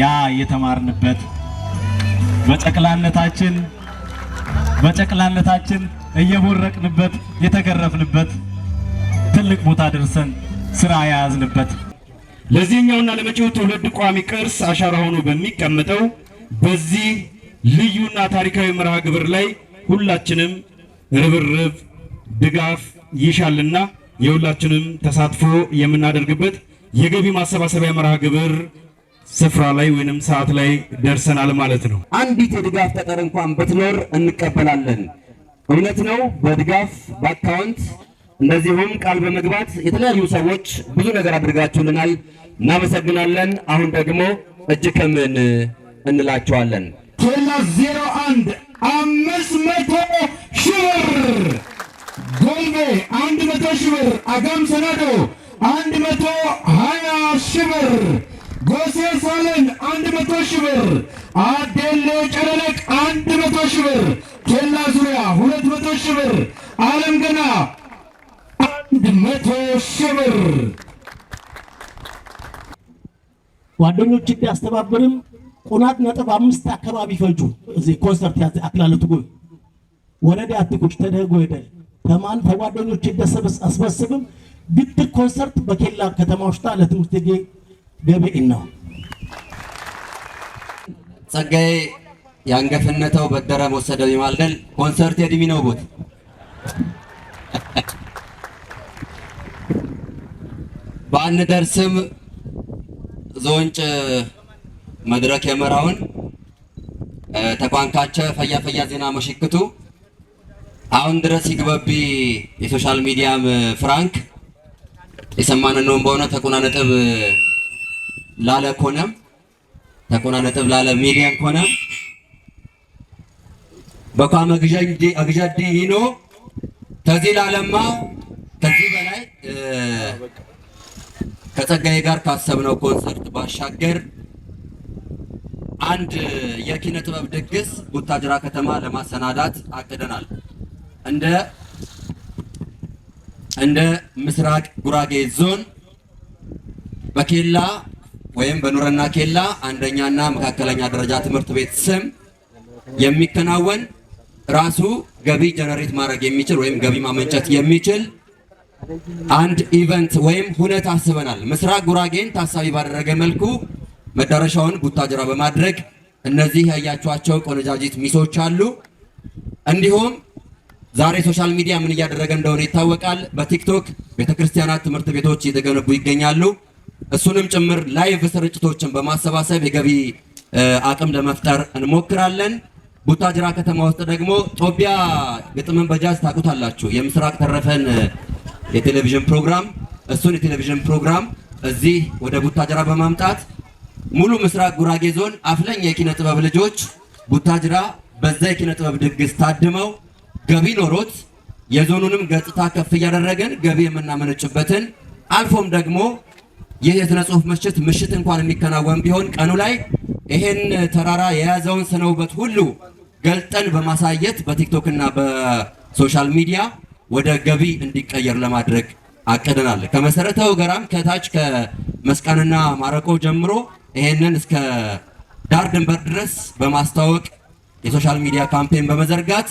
ያ የተማርንበት በጨቅላነታችን በጨቅላነታችን እየቦረቅንበት የተገረፍንበት ትልቅ ቦታ ደርሰን ስራ የያዝንበት ለዚህኛውና ለመጪው ትውልድ ቋሚ ቅርስ አሻራ ሆኖ በሚቀመጠው በዚህ ልዩና ታሪካዊ መርሃ ግብር ላይ ሁላችንም ርብርብ፣ ድጋፍ ይሻልና የሁላችንም ተሳትፎ የምናደርግበት የገቢ ማሰባሰቢያ መርሃ ግብር ስፍራ ላይ ወይንም ሰዓት ላይ ደርሰናል ማለት ነው። አንዲት የድጋፍ ጠጠር እንኳን ብትኖር እንቀበላለን። እውነት ነው። በድጋፍ በአካውንት እንደዚሁም ቃል በመግባት የተለያዩ ሰዎች ብዙ ነገር አድርጋችሁልናል፣ እናመሰግናለን። አሁን ደግሞ እጅ ከምን እንላቸዋለን። ኬላ ዜሮ አንድ አምስት መቶ ሺህ ብር ጎልቤ አንድ መቶ ሺህ ብር አጋም ሰናዶ አንድ መቶ ሀያ ሺህ ብር ጎሴ ሳለን አንድ መቶ ሺህ ብር፣ አዴሌ ጨለለቅ አንድ መቶ ሺህ ብር፣ ኬላ ዙሪያ ሁለት መቶ ሺህ ብር፣ አለም ገና አንድ መቶ ሺህ ብር። ጓደኞች ቢያስተባብርም ቁናት ነጥብ አምስት አካባቢ ፈጁ። እዚህ ኮንሰርት ያዘ አክላለቱ ጎይ ወረዳ አትቁጭ ተደጎ ይደል ተማን ተጓደኞች ደሰበስ አስበስብም ግጥር ኮንሰርት በኬላ ከተማ ውሽጣ ለትምህርት ብብዕን ነው። ጸጋዬ ያንገፍነተው በደረ መወሰደው ይማልደል ኮንሰርት የድቢ ነው ቦት ባንደርስም ዞንጭ መድረክ የመራውን ተኳንካቸ ፈያ ፈያ ዜና መሽክቱ አሁን ድረስ ይግበቢ የሶሻል ሚዲያም ፍራንክ የሰማንነውን በሆነ ተቁና ነጥብ ላለ ኮነም ተቆና ነጥብ ላለ ሚዲያን ኮነም በኳመ አግዣዴ ሂኖ ተዚህ ላለማ ከዚህ በላይ ከጸጋዬ ጋር ካሰብነው ኮንሰርት ባሻገር አንድ የኪነ ጥበብ ድግስ ቡታጅራ ከተማ ለማሰናዳት አቅደናል። እንደ እንደ ምስራቅ ጉራጌ ዞን በኬላ ወይም በኑረና ኬላ አንደኛና መካከለኛ ደረጃ ትምህርት ቤት ስም የሚከናወን ራሱ ገቢ ጀነሬት ማድረግ የሚችል ወይም ገቢ ማመንጨት የሚችል አንድ ኢቨንት ወይም ሁነት አስበናል። ምስራቅ ጉራጌን ታሳቢ ባደረገ መልኩ መዳረሻውን ቡታጅራ በማድረግ እነዚህ ያያችኋቸው ቆነጃጅት ሚሶች አሉ። እንዲሁም ዛሬ ሶሻል ሚዲያ ምን እያደረገ እንደሆነ ይታወቃል። በቲክቶክ ቤተክርስቲያናት፣ ትምህርት ቤቶች እየተገነቡ ይገኛሉ። እሱንም ጭምር ላይቭ ስርጭቶችን በማሰባሰብ የገቢ አቅም ለመፍጠር እንሞክራለን። ቡታጅራ ከተማ ውስጥ ደግሞ ጦቢያ ግጥምን በጃዝ ታውቁታላችሁ። የምስራቅ ተረፈን የቴሌቪዥን ፕሮግራም እሱን የቴሌቪዥን ፕሮግራም እዚህ ወደ ቡታጅራ በማምጣት ሙሉ ምስራቅ ጉራጌ ዞን አፍለኝ የኪነ ጥበብ ልጆች ቡታጅራ በዛ የኪነ ጥበብ ድግስ ታድመው ገቢ ኖሮት የዞኑንም ገጽታ ከፍ እያደረገን ገቢ የምናመነጭበትን አልፎም ደግሞ ይህ የሥነ ጽሑፍ ምሽት ምሽት እንኳን የሚከናወን ቢሆን ቀኑ ላይ ይሄን ተራራ የያዘውን ስነ ውበት ሁሉ ገልጠን በማሳየት በቲክቶክ እና በሶሻል ሚዲያ ወደ ገቢ እንዲቀየር ለማድረግ አቅደናል። ከመሰረተው ገራም ከታች ከመስቀንና ማረቆ ጀምሮ ይሄንን እስከ ዳር ድንበር ድረስ በማስተዋወቅ የሶሻል ሚዲያ ካምፔን በመዘርጋት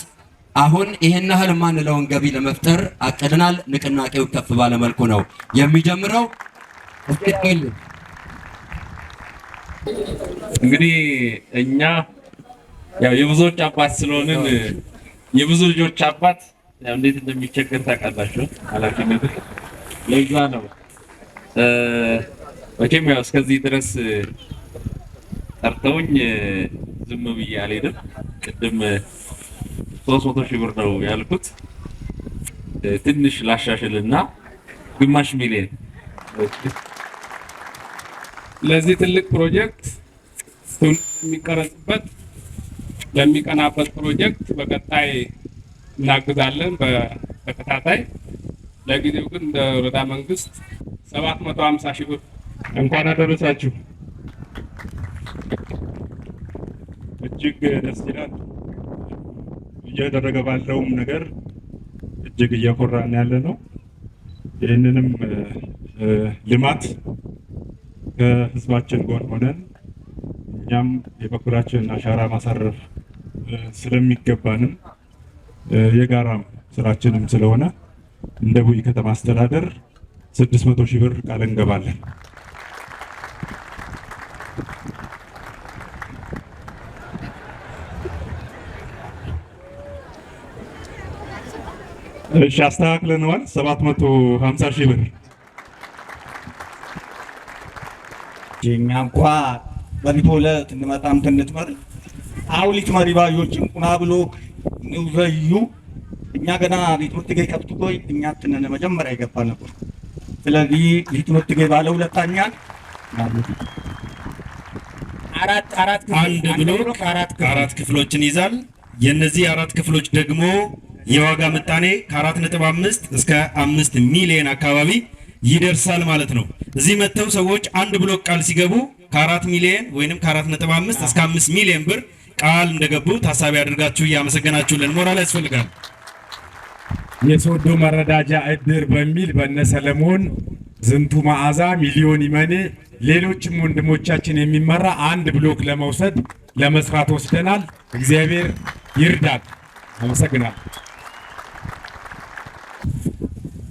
አሁን ይሄን ያህል ማንለውን ገቢ ለመፍጠር አቅደናል። ንቅናቄው ከፍ ባለ መልኩ ነው የሚጀምረው። እንግዲህ እኛ ያው የብዙዎች አባት ስለሆንን የብዙ ልጆች አባት እንዴት እንደሚቸገር ታውቃላችሁ። ኃላፊነት ለዛ ነው። መቼም ያው እስከዚህ ድረስ ጠርተውኝ ዝም ብዬ አልሄድም። ቅድም ሶስት መቶ ሺህ ብር ነው ያልኩት። ትንሽ ላሻሽልና ግማሽ ሚሊዮን ለዚህ ትልቅ ፕሮጀክት ትውልድ የሚቀረጽበት ለሚቀናበት ፕሮጀክት በቀጣይ እናግዛለን በተከታታይ። ለጊዜው ግን እንደ ወረዳ መንግስት 750 ሺህ ብር እንኳን አደረሳችሁ። እጅግ ደስ ይላል። እያደረገ ባለውም ነገር እጅግ እያኮራን ያለ ነው። ይህንንም ልማት ከህዝባችን ጎን ሆነን እኛም የበኩላችን አሻራ ማሳረፍ ስለሚገባንም የጋራም ስራችንም ስለሆነ እንደ ቡይ ከተማ አስተዳደር 600 ሺህ ብር ቃል እንገባለን። እሺ፣ አስተካክለነዋል። 750 ሺህ ብር የኛ እንኳ በሪፖለ ትንመጣም ትንትመር አውሊት መሪባዮችም ቁና ብሎ ዘዩ እኛ ገና ትምህርት ገይ ከብት ጎይ እኛ ትነን መጀመሪያ ይገባ ነበር። ስለዚህ ትምህርት ገይ ባለ ሁለታኛ አራት አንድ ብሎክ አራት ክፍሎችን ይዛል። የነዚህ አራት ክፍሎች ደግሞ የዋጋ ምጣኔ ከአራት ነጥብ አምስት እስከ አምስት ሚሊዮን አካባቢ ይደርሳል ማለት ነው። እዚህ መጥተው ሰዎች አንድ ብሎክ ቃል ሲገቡ ከአራት ሚሊዮን ወይም ከአራት ነጥብ አምስት እስከ አምስት ሚሊዮን ብር ቃል እንደገቡ ታሳቢ አድርጋችሁ እያመሰገናችሁልን ሞራል ያስፈልጋል። የሶዶ መረዳጃ እድር በሚል በነሰለሞን ዝንቱ መዓዛ ሚሊዮን ይመኔ ሌሎችም ወንድሞቻችን የሚመራ አንድ ብሎክ ለመውሰድ ለመስራት ወስደናል። እግዚአብሔር ይርዳል። አመሰግናል።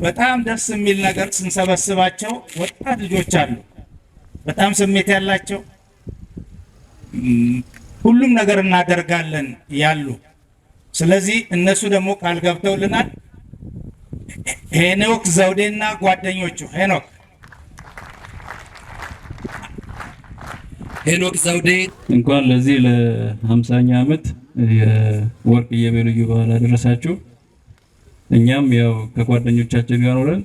በጣም ደስ የሚል ነገር ስንሰበስባቸው ወጣት ልጆች አሉ። በጣም ስሜት ያላቸው ሁሉም ነገር እናደርጋለን ያሉ። ስለዚህ እነሱ ደግሞ ቃል ገብተውልናል። ሄኖክ ዘውዴና ጓደኞቹ ሄኖክ ሄኖክ ዘውዴ እንኳን ለዚህ ለሀምሳኛ ዓመት የወርቅ በልዩ በዓል አደረሳችሁ። እኛም ያው ከጓደኞቻችን ጋር ኖረን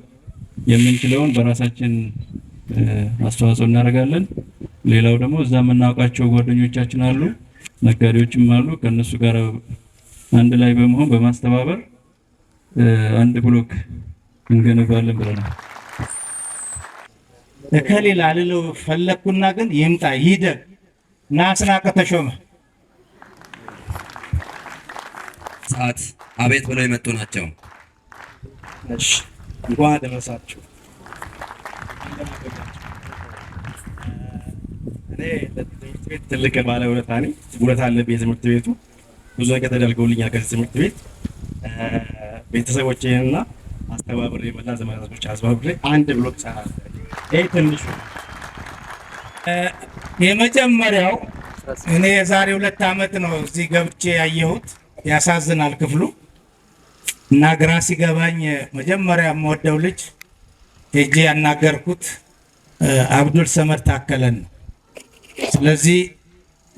የምንችለውን በራሳችን አስተዋጽኦ እናደርጋለን። ሌላው ደግሞ እዛ የምናውቃቸው ጓደኞቻችን አሉ፣ ነጋዴዎችም አሉ። ከእነሱ ጋር አንድ ላይ በመሆን በማስተባበር አንድ ብሎክ እንገነባለን ብለናል። እከሌላ ልለው ፈለግኩና ግን ይምጣ ይደግ ና ተሾመ ሰዓት አቤት ብለው የመጡ ናቸው። ነሽ። ውሃ ልመሳችሁ እኔ ለትምህርት ቤት ትልቅ ባለ ውለታ ነኝ። ውለታ አለብኝ የትምህርት ቤቱ ብዙ ነገር ተደርገውልኛል። ከዚህ ትምህርት ቤት ቤተሰቦቼንና አስተባብሬ መላ ዘመናቶች አስተባብሬ አንድ ብሎክ ሰራል። ይህ ትንሹ የመጀመሪያው እኔ የዛሬ ሁለት ዓመት ነው እዚህ ገብቼ ያየሁት። ያሳዝናል ክፍሉ እና ግራ ሲገባኝ መጀመሪያ የምወደው ልጅ ሄጄ ያናገርኩት አብዱል ሰመድ ታከለን ነው። ስለዚህ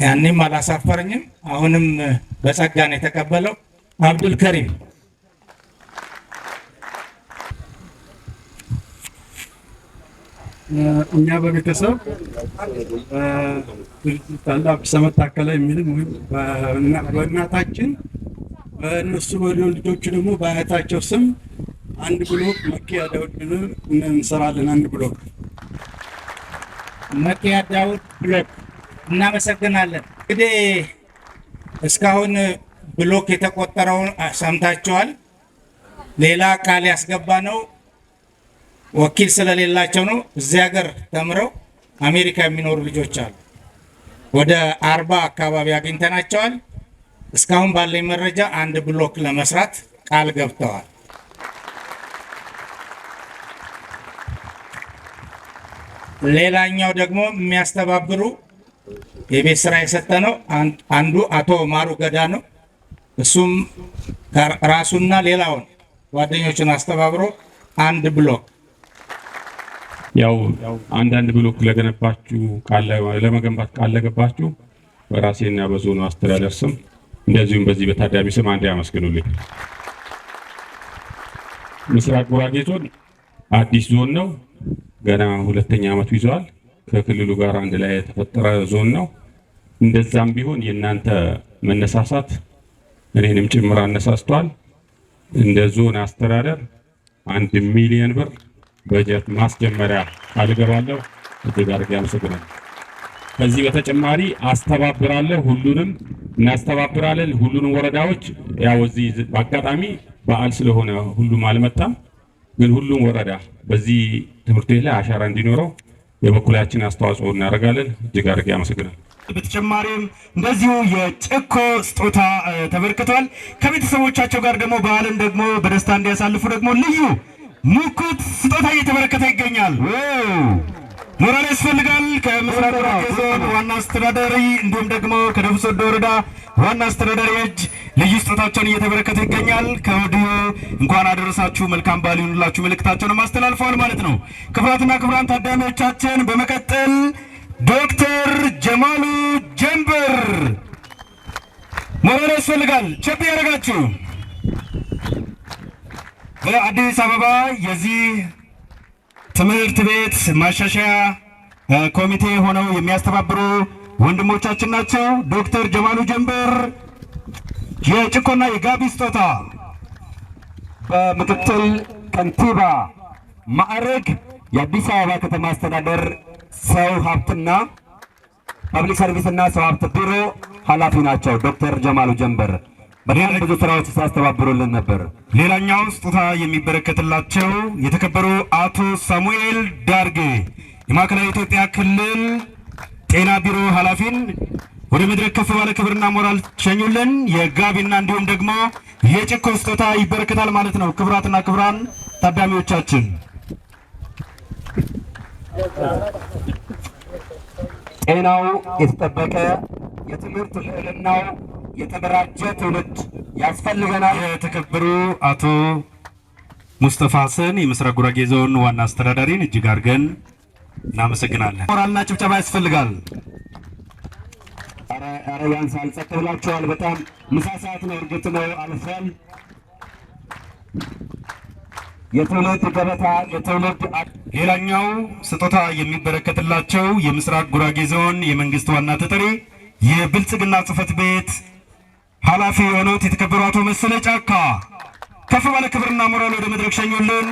ያኔም አላሳፈረኝም፣ አሁንም በጸጋ ነው የተቀበለው። አብዱል ከሪም እኛ በቤተሰብ ድርጅት አለ አብዱል ሰመድ ታከለ የሚልም በእናታችን በእነሱ በሊሆን ልጆቹ ደግሞ በአያታቸው ስም አንድ ብሎክ መኪያ ዳውድ እንሰራለን። አንድ ብሎክ መኪያ ዳውድ ብሎክ። እናመሰግናለን። እንግዲህ እስካሁን ብሎክ የተቆጠረውን ሰምታችኋል። ሌላ ቃል ያስገባ ነው ወኪል ስለሌላቸው ነው። እዚህ ሀገር ተምረው አሜሪካ የሚኖሩ ልጆች አሉ። ወደ አርባ አካባቢ አግኝተናቸዋል። እስካሁን ባለኝ መረጃ አንድ ብሎክ ለመስራት ቃል ገብተዋል። ሌላኛው ደግሞ የሚያስተባብሩ የቤት ስራ የሰጠ ነው። አንዱ አቶ ማሩ ገዳ ነው። እሱም ራሱና ሌላውን ጓደኞችን አስተባብሮ አንድ ብሎክ ያው አንዳንድ ብሎክ ለገነባችሁ ለመገንባት ቃል ለገባችሁ በራሴና በዞኑ አስተዳደር ስም እንደዚሁም በዚህ በታዳሚ ስም አንድ ያመስግኑልኝ። ምስራቅ ጉራጌ ዞን አዲስ ዞን ነው። ገና ሁለተኛ ዓመቱ ይዘዋል። ከክልሉ ጋር አንድ ላይ የተፈጠረ ዞን ነው። እንደዛም ቢሆን የእናንተ መነሳሳት እኔንም ጭምር አነሳስቷል። እንደ ዞን አስተዳደር አንድ ሚሊዮን ብር በጀት ማስጀመሪያ አልገባለሁ። እጅግ አድርጌ አመሰግናለሁ። ከዚህ በተጨማሪ አስተባብራለሁ፣ ሁሉንም እናስተባብራለን። ሁሉንም ወረዳዎች ያው እዚህ በአጋጣሚ በዓል ስለሆነ ሁሉም አልመጣም፣ ግን ሁሉም ወረዳ በዚህ ትምህርት ቤት ላይ አሻራ እንዲኖረው የበኩላችን አስተዋጽኦ እናደርጋለን። እጅግ አድርጌ አመሰግናል። በተጨማሪም እንደዚሁ የጭኮ ስጦታ ተበርክቷል። ከቤተሰቦቻቸው ጋር ደግሞ በዓልን ደግሞ በደስታ እንዲያሳልፉ ደግሞ ልዩ ሙኩት ስጦታ እየተበረከተ ይገኛል። ሞራል ያስፈልጋል። ከምስራቅ ዞን ዋና አስተዳዳሪ እንዲሁም ደግሞ ከደቡብ ሶዶ ወረዳ ዋና አስተዳዳሪዎች ልዩ ስጦታቸውን እየተበረከተ ይገኛል። ከወዲሁ እንኳን አደረሳችሁ መልካም በዓል ይሁንላችሁ መልእክታቸውን አስተላልፈዋል ማለት ነው። ክቡራትና ክቡራን ታዳሚዎቻችን በመቀጠል ዶክተር ጀማሉ ጀንበር ሞራል ያስፈልጋል ቸብ ያደረጋችሁ በአዲስ አበባ የዚህ ትምህርት ቤት ማሻሻያ ኮሚቴ ሆነው የሚያስተባብሩ ወንድሞቻችን ናቸው። ዶክተር ጀማሉ ጀንበር የጭኮና የጋቢ ስጦታ በምክትል ከንቲባ ማዕረግ የአዲስ አበባ ከተማ አስተዳደር ሰው ሀብትና ፐብሊክ ሰርቪስና ሰው ሀብት ቢሮ ኃላፊ ናቸው ዶክተር ጀማሉ ጀንበር በሌላ ብዙ ስራዎች ሲያስተባብሩልን ነበር። ሌላኛው ስጦታ የሚበረከትላቸው የተከበሩ አቶ ሳሙኤል ዳርጌ የማዕከላዊ ኢትዮጵያ ክልል ጤና ቢሮ ኃላፊን ወደ መድረክ ከፍ ባለ ክብርና ሞራል ሸኙልን። የጋቢና እንዲሁም ደግሞ የጭኮ ስጦታ ይበረከታል ማለት ነው። ክብራትና ክብራን ታዳሚዎቻችን ጤናው የተጠበቀ የትምህርት ልዕልናው የተደራጀ ትውልድ ያስፈልገናል። የተከበሩ አቶ ሙስጠፋ ሰን የምስራቅ ጉራጌ ዞን ዋና አስተዳዳሪን እጅግ አድርገን እናመሰግናለን። ሞራልና ጭብጨባ ያስፈልጋል። ኧረ ያንሳል። ጸጥ ብላችኋል። በጣም ምሳ ሰዓት ነው። እርግጥ ነው አልፏል። የትውልድ ገበታ የትውልድ ሌላኛው ስጦታ የሚበረከትላቸው የምስራቅ ጉራጌ ዞን የመንግስት ዋና ተጠሪ የብልጽግና ጽህፈት ቤት ኃላፊ የሆኑት የተከበሩ አቶ መሰለ ጫካ ከፍ ባለ ክብርና ሞራል ወደ መድረክ ሸኙልን።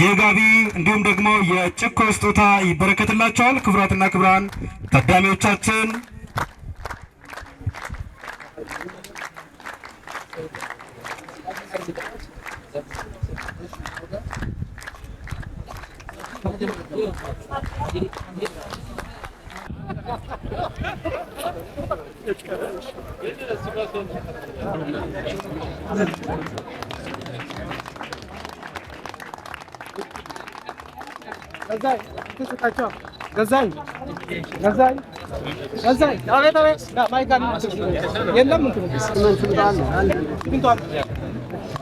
የጋቢ እንዲሁም ደግሞ የጭኮ ስጦታ ይበረከትላቸዋል። ክቡራትና ክቡራን ታዳሚዎቻችን Gazay, kısa kaçıyor. Gazay. Gazay. Gazay. Evet evet. Ya, maykan. Yeniden mi? Sıkıntı var mı? Sıkıntı var mı?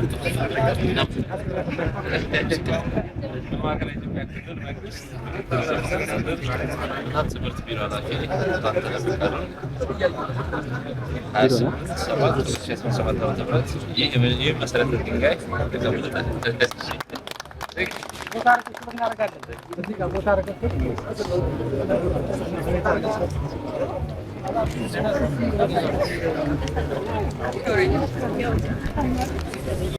ትምህርት ቢሮ ኃላፊ ይህ መሰረተ ድንጋይ Bir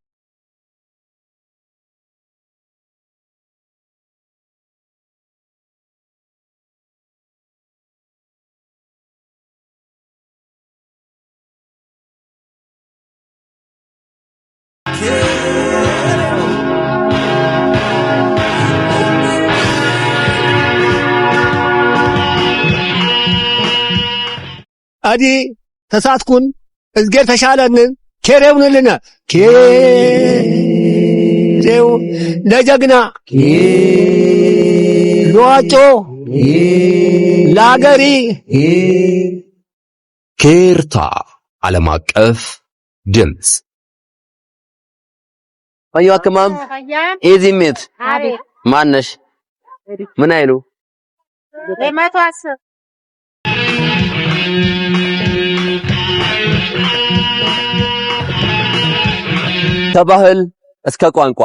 አዲ ተሳትኩን እዝጌር ተሻለንን ኬሬውንልና ኬሬው ለጀግና ለዋጮ ለአገሪ ኬርታ ዓለም አቀፍ ድምፅ አዩ አከማም ኤዚ ሜት ማነሽ ምን አይሉ ለማቷስ ከባህል እስከ ቋንቋ፣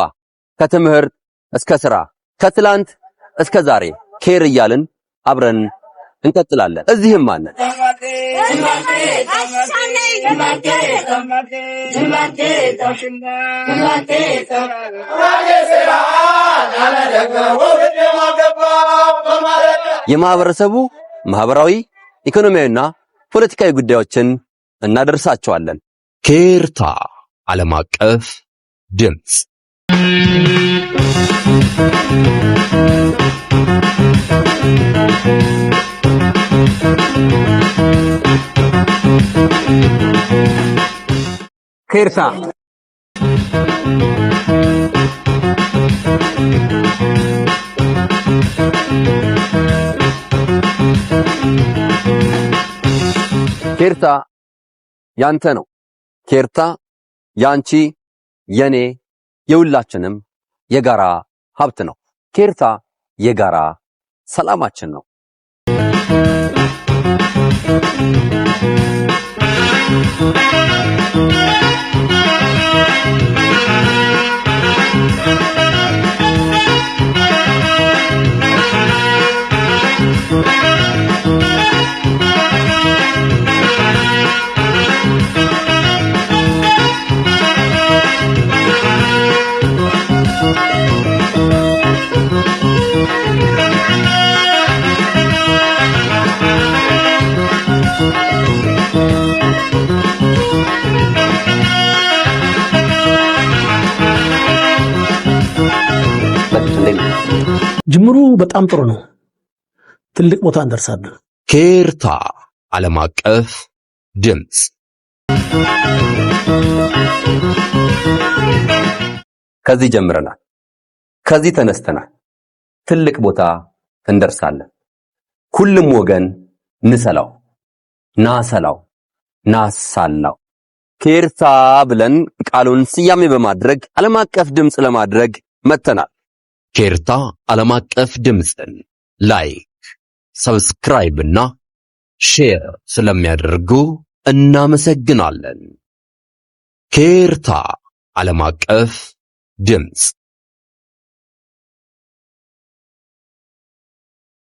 ከትምህርት እስከ ስራ፣ ከትላንት እስከ ዛሬ ኬር እያልን አብረን እንቀጥላለን። እዚህም አለ የማህበረሰቡ ማህበራዊ ኢኮኖሚያዊና ፖለቲካዊ ጉዳዮችን እናደርሳቸዋለን። ኬርታ ዓለም አቀፍ ድምፅ ኬርሳ ኬርታ ያንተ ነው። ኬርታ ያንቺ የኔ የሁላችንም የጋራ ሀብት ነው። ኬርታ የጋራ ሰላማችን ነው። በጣም ጥሩ ነው። ትልቅ ቦታ እንደርሳለን። ኬርታ ዓለም አቀፍ ድምፅ ከዚህ ጀምረናል። ከዚህ ተነስተናል። ትልቅ ቦታ እንደርሳለን። ሁሉም ወገን ንሰላው፣ ናሰላው፣ ናሳላው ኬርታ ብለን ቃሉን ስያሜ በማድረግ ዓለም አቀፍ ድምፅ ለማድረግ መጥተናል። ኬርታ ዓለም አቀፍ ድምፅን ላይክ፣ ሰብስክራይብ እና ሼር ስለሚያደርጉ እናመሰግናለን። ኬርታ ዓለም አቀፍ ድምፅ